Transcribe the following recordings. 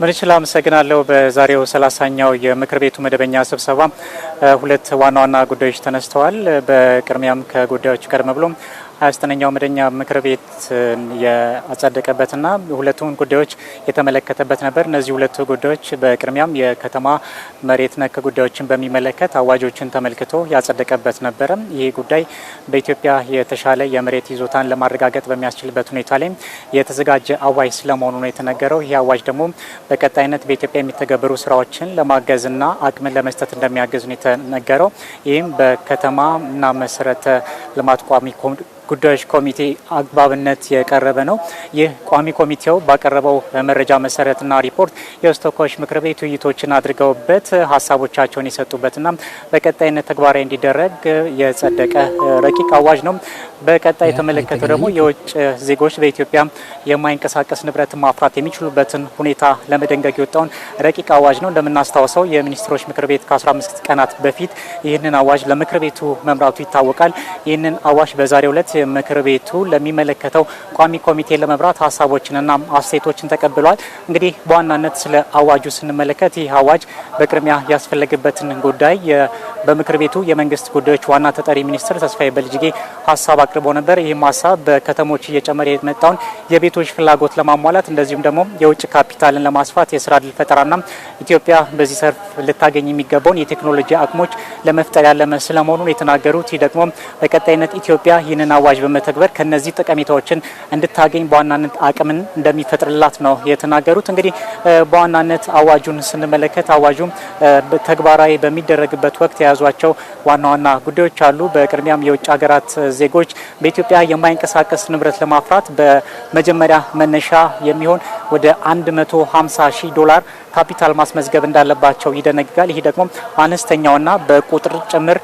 ምንችል አመሰግናለሁ። በዛሬው ሰላሳኛው የምክር ቤቱ መደበኛ ስብሰባ ሁለት ዋና ዋና ጉዳዮች ተነስተዋል። በቅድሚያም ከጉዳዮቹ ቀደም ብሎም 29ኛው መደበኛ ምክር ቤት ያጸደቀበትና ሁለቱን ጉዳዮች የተመለከተበት ነበር። እነዚህ ሁለቱ ጉዳዮች በቅድሚያም የከተማ መሬት ነክ ጉዳዮችን በሚመለከት አዋጆችን ተመልክቶ ያጸደቀበት ነበረ። ይህ ጉዳይ በኢትዮጵያ የተሻለ የመሬት ይዞታን ለማረጋገጥ በሚያስችልበት ሁኔታ ላይ የተዘጋጀ አዋጅ ስለመሆኑ ነው የተነገረው። ይህ አዋጅ ደግሞ በቀጣይነት በኢትዮጵያ የሚተገበሩ ስራዎችን ለማገዝና አቅምን ለመስጠት እንደሚያገዝ ነው የተነገረው። ይህም በከተማና መሰረተ ልማት ቋሚ ጉዳዮች ኮሚቴ አግባብነት የቀረበ ነው። ይህ ቋሚ ኮሚቴው ባቀረበው መረጃ መሰረትና ሪፖርት የሕዝብ ተወካዮች ምክር ቤት ውይይቶችን አድርገውበት ሀሳቦቻቸውን የሰጡበትና በቀጣይነት ተግባራዊ እንዲደረግ የጸደቀ ረቂቅ አዋጅ ነው። በቀጣይ የተመለከተው ደግሞ የውጭ ዜጎች በኢትዮጵያ የማይንቀሳቀስ ንብረት ማፍራት የሚችሉበትን ሁኔታ ለመደንገግ የወጣውን ረቂቅ አዋጅ ነው። እንደምናስታውሰው የሚኒስትሮች ምክር ቤት ከ15 ቀናት በፊት ይህንን አዋጅ ለምክር ቤቱ መምራቱ ይታወቃል። ይህንን አዋጅ በዛሬው ዕለት ምክር ቤቱ ለሚመለከተው ቋሚ ኮሚቴ ለመብራት ሀሳቦችንና አስተያየቶችን ተቀብሏል። እንግዲህ በዋናነት ስለ አዋጁ ስንመለከት ይህ አዋጅ በቅድሚያ ያስፈለገበትን ጉዳይ በምክር ቤቱ የመንግስት ጉዳዮች ዋና ተጠሪ ሚኒስትር ተስፋዬ በልጅጌ ሀሳብ አቅርቦ ነበር። ይህም ሀሳብ በከተሞች እየጨመረ የመጣውን የቤቶች ፍላጎት ለማሟላት እንደዚሁም ደግሞ የውጭ ካፒታልን ለማስፋት የስራ እድል ፈጠራና ኢትዮጵያ በዚህ ዘርፍ ልታገኝ የሚገባውን የቴክኖሎጂ አቅሞች ለመፍጠር ያለመ ስለመሆኑን የተናገሩት ይህ ደግሞ በቀጣይነት ኢትዮጵያ ይህንን አዋጅ በመተግበር ከነዚህ ጠቀሜታዎችን እንድታገኝ በዋናነት አቅምን እንደሚፈጥርላት ነው የተናገሩት። እንግዲህ በዋናነት አዋጁን ስንመለከት አዋጁም ተግባራዊ በሚደረግበት ወቅት የያዟቸው ዋና ዋና ጉዳዮች አሉ። በቅድሚያም የውጭ ሀገራት ዜጎች በኢትዮጵያ የማይንቀሳቀስ ንብረት ለማፍራት በመጀመሪያ መነሻ የሚሆን ወደ 150 ሺህ ዶላር ካፒታል ማስመዝገብ እንዳለባቸው ይደነግጋል። ይህ ደግሞ አነስተኛውና በቁጥር ጭምር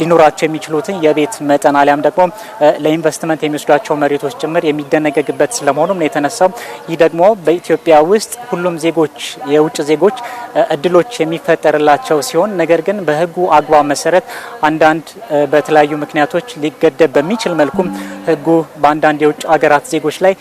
ሊኖራቸው የሚችሉትን የቤት መጠን አሊያም ደግሞ ለኢንቨስትመንት የሚወስዷቸው መሬቶች ጭምር የሚደነገግበት ስለመሆኑም ነው የተነሳው። ይህ ደግሞ በኢትዮጵያ ውስጥ ሁሉም ዜጎች የውጭ ዜጎች እድሎች የሚፈጠርላቸው ሲሆን ነገር ግን በህጉ አግባብ መሰረት አንዳንድ በተለያዩ ምክንያቶች ሊገደብ በሚችል መልኩም ህጉ በአንዳንድ የውጭ ሀገራት ዜጎች ላይ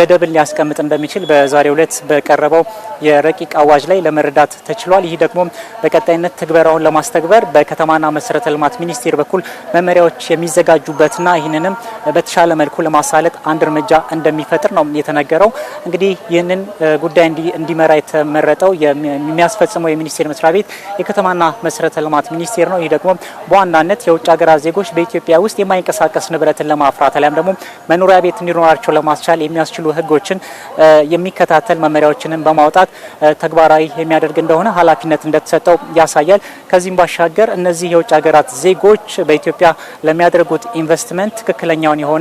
ገደብን ሊያስቀምጥ እንደሚችል በዛሬው ዕለት በቀረበው የረቂቅ አዋጅ ላይ ለመረዳት ተችሏል። ይህ ደግሞ በቀጣይነት ትግበራውን ለማስተግበር በከተማና መሰረተ ልማት ሚኒስቴር በኩል መመሪያዎች የሚዘጋጁበትና ይህንንም በተሻለ መልኩ ለማሳለጥ አንድ እርምጃ እንደሚፈጥር ነው የተነገረው። እንግዲህ ይህንን ጉዳይ እንዲመራ የተመረጠው የሚያስፈጽመው የሚኒስቴር መስሪያ ቤት የከተማና መሰረተ ልማት ሚኒስቴር ነው። ይህ ደግሞ በዋናነት የውጭ ሀገራት ዜጎች በኢትዮጵያ ውስጥ የማይንቀሳቀስ ንብረትን ለማፍራት አሊያም ደግሞ መኖሪያ ቤት እንዲኖራቸው ለማስቻል የሚያስችሉ ህጎችን የሚከታተል መመሪያዎችንም በማ በማውጣት ተግባራዊ የሚያደርግ እንደሆነ ኃላፊነት እንደተሰጠው ያሳያል። ከዚህም ባሻገር እነዚህ የውጭ ሀገራት ዜጎች በኢትዮጵያ ለሚያደርጉት ኢንቨስትመንት ትክክለኛውን የሆነ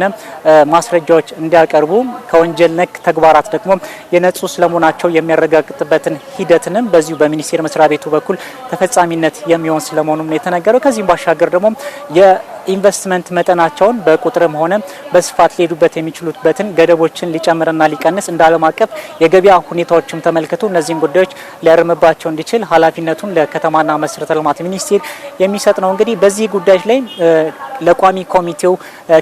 ማስረጃዎች እንዲያቀርቡ ከወንጀል ነክ ተግባራት ደግሞ የነጹ ስለመሆናቸው የሚያረጋግጥበትን ሂደትንም በዚሁ በሚኒስቴር መስሪያ ቤቱ በኩል ተፈጻሚነት የሚሆን ስለመሆኑም ነው የተነገረው። ከዚህም ባሻገር ደግሞ ኢንቨስትመንት መጠናቸውን በቁጥርም ሆነ በስፋት ሊሄዱበት የሚችሉበትን ገደቦችን ሊጨምርና ሊቀንስ እንደ ዓለም አቀፍ የገበያ ሁኔታዎችም ተመልክቶ እነዚህን ጉዳዮች ሊያርምባቸው እንዲችል ኃላፊነቱን ለከተማና መሰረተ ልማት ሚኒስቴር የሚሰጥ ነው። እንግዲህ በዚህ ጉዳዮች ላይ ለቋሚ ኮሚቴው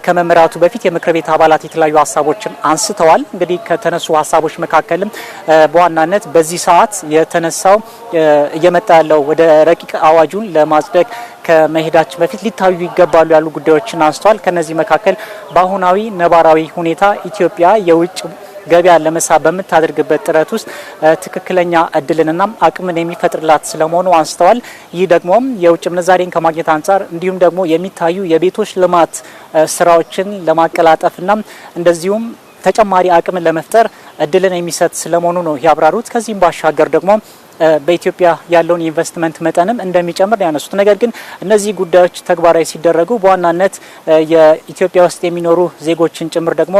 ከመምራቱ በፊት የምክር ቤት አባላት የተለያዩ ሀሳቦችን አንስተዋል። እንግዲህ ከተነሱ ሀሳቦች መካከልም በዋናነት በዚህ ሰዓት የተነሳው እየመጣ ያለው ወደ ረቂቅ አዋጁን ለማጽደቅ ከመሄዳችን በፊት ሊታዩ ይገባሉ ያሉ ጉዳዮችን አንስተዋል። ከነዚህ መካከል በአሁናዊ ነባራዊ ሁኔታ ኢትዮጵያ የውጭ ገበያ ለመሳብ በምታደርግበት ጥረት ውስጥ ትክክለኛ እድልንና አቅምን የሚፈጥርላት ስለመሆኑ አንስተዋል። ይህ ደግሞ የውጭ ምንዛሬን ከማግኘት አንጻር እንዲሁም ደግሞ የሚታዩ የቤቶች ልማት ስራዎችን ለማቀላጠፍና እንደዚሁም ተጨማሪ አቅምን ለመፍጠር እድልን የሚሰጥ ስለመሆኑ ነው ያብራሩት። ከዚህም ባሻገር ደግሞ በኢትዮጵያ ያለውን የኢንቨስትመንት መጠንም እንደሚጨምር ያነሱት። ነገር ግን እነዚህ ጉዳዮች ተግባራዊ ሲደረጉ በዋናነት የኢትዮጵያ ውስጥ የሚኖሩ ዜጎችን ጭምር ደግሞ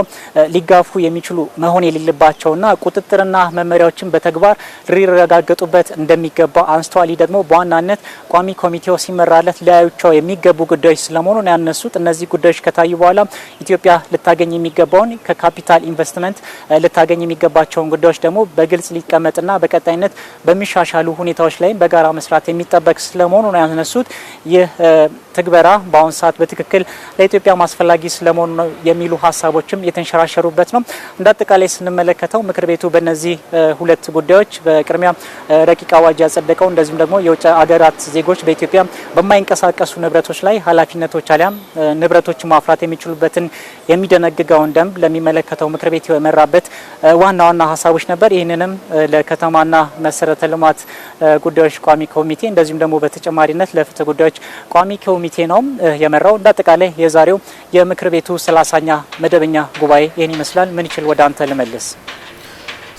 ሊጋፉ የሚችሉ መሆን የሌለባቸውና ቁጥጥርና መመሪያዎችን በተግባር ሊረጋገጡበት እንደሚገባ አንስተዋል። ደግሞ በዋናነት ቋሚ ኮሚቴው ሲመራለት ሊያዩቸው የሚገቡ ጉዳዮች ስለመሆኑ ነው ያነሱት። እነዚህ ጉዳዮች ከታዩ በኋላ ኢትዮጵያ ልታገኝ የሚገባውን ከካፒታል ኢንቨስትመንት ልታገኝ የሚገባቸውን ጉዳዮች ደግሞ በግልጽ ሊቀመጥና በቀጣይነት በሚ በሚሻሻሉ ሁኔታዎች ላይ በጋራ መስራት የሚጠበቅ ስለመሆኑ ነው ያነሱት። ይህ ትግበራ በአሁኑ ሰዓት በትክክል ለኢትዮጵያ ማስፈላጊ ስለመሆኑ ነው የሚሉ ሀሳቦችም የተንሸራሸሩበት ነው። እንደ አጠቃላይ ስንመለከተው ምክር ቤቱ በእነዚህ ሁለት ጉዳዮች በቅድሚያ ረቂቅ አዋጅ ያጸደቀው እንደዚሁም ደግሞ የውጭ አገራት ዜጎች በኢትዮጵያ በማይንቀሳቀሱ ንብረቶች ላይ ኃላፊነቶች አሊያም ንብረቶች ማፍራት የሚችሉበትን የሚደነግገውን ደንብ ለሚመለከተው ምክር ቤት የመራበት ዋና ዋና ሀሳቦች ነበር። ይህንንም ለከተማና መሰረተ ልማት ጉዳዮች ቋሚ ኮሚቴ እንደዚሁም ደግሞ በተጨማሪነት ለፍትህ ጉዳዮች ቋሚ ኮሚቴ ነው የመራው። እንዳጠቃላይ የዛሬው የምክር ቤቱ ሰላሳኛ መደበኛ ጉባኤ ይህን ይመስላል። ምን ይችል ወደ አንተ ልመልስ።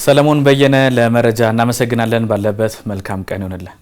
ሰለሞን በየነ ለመረጃ እናመሰግናለን። ባለበት መልካም ቀን ይሆንልን።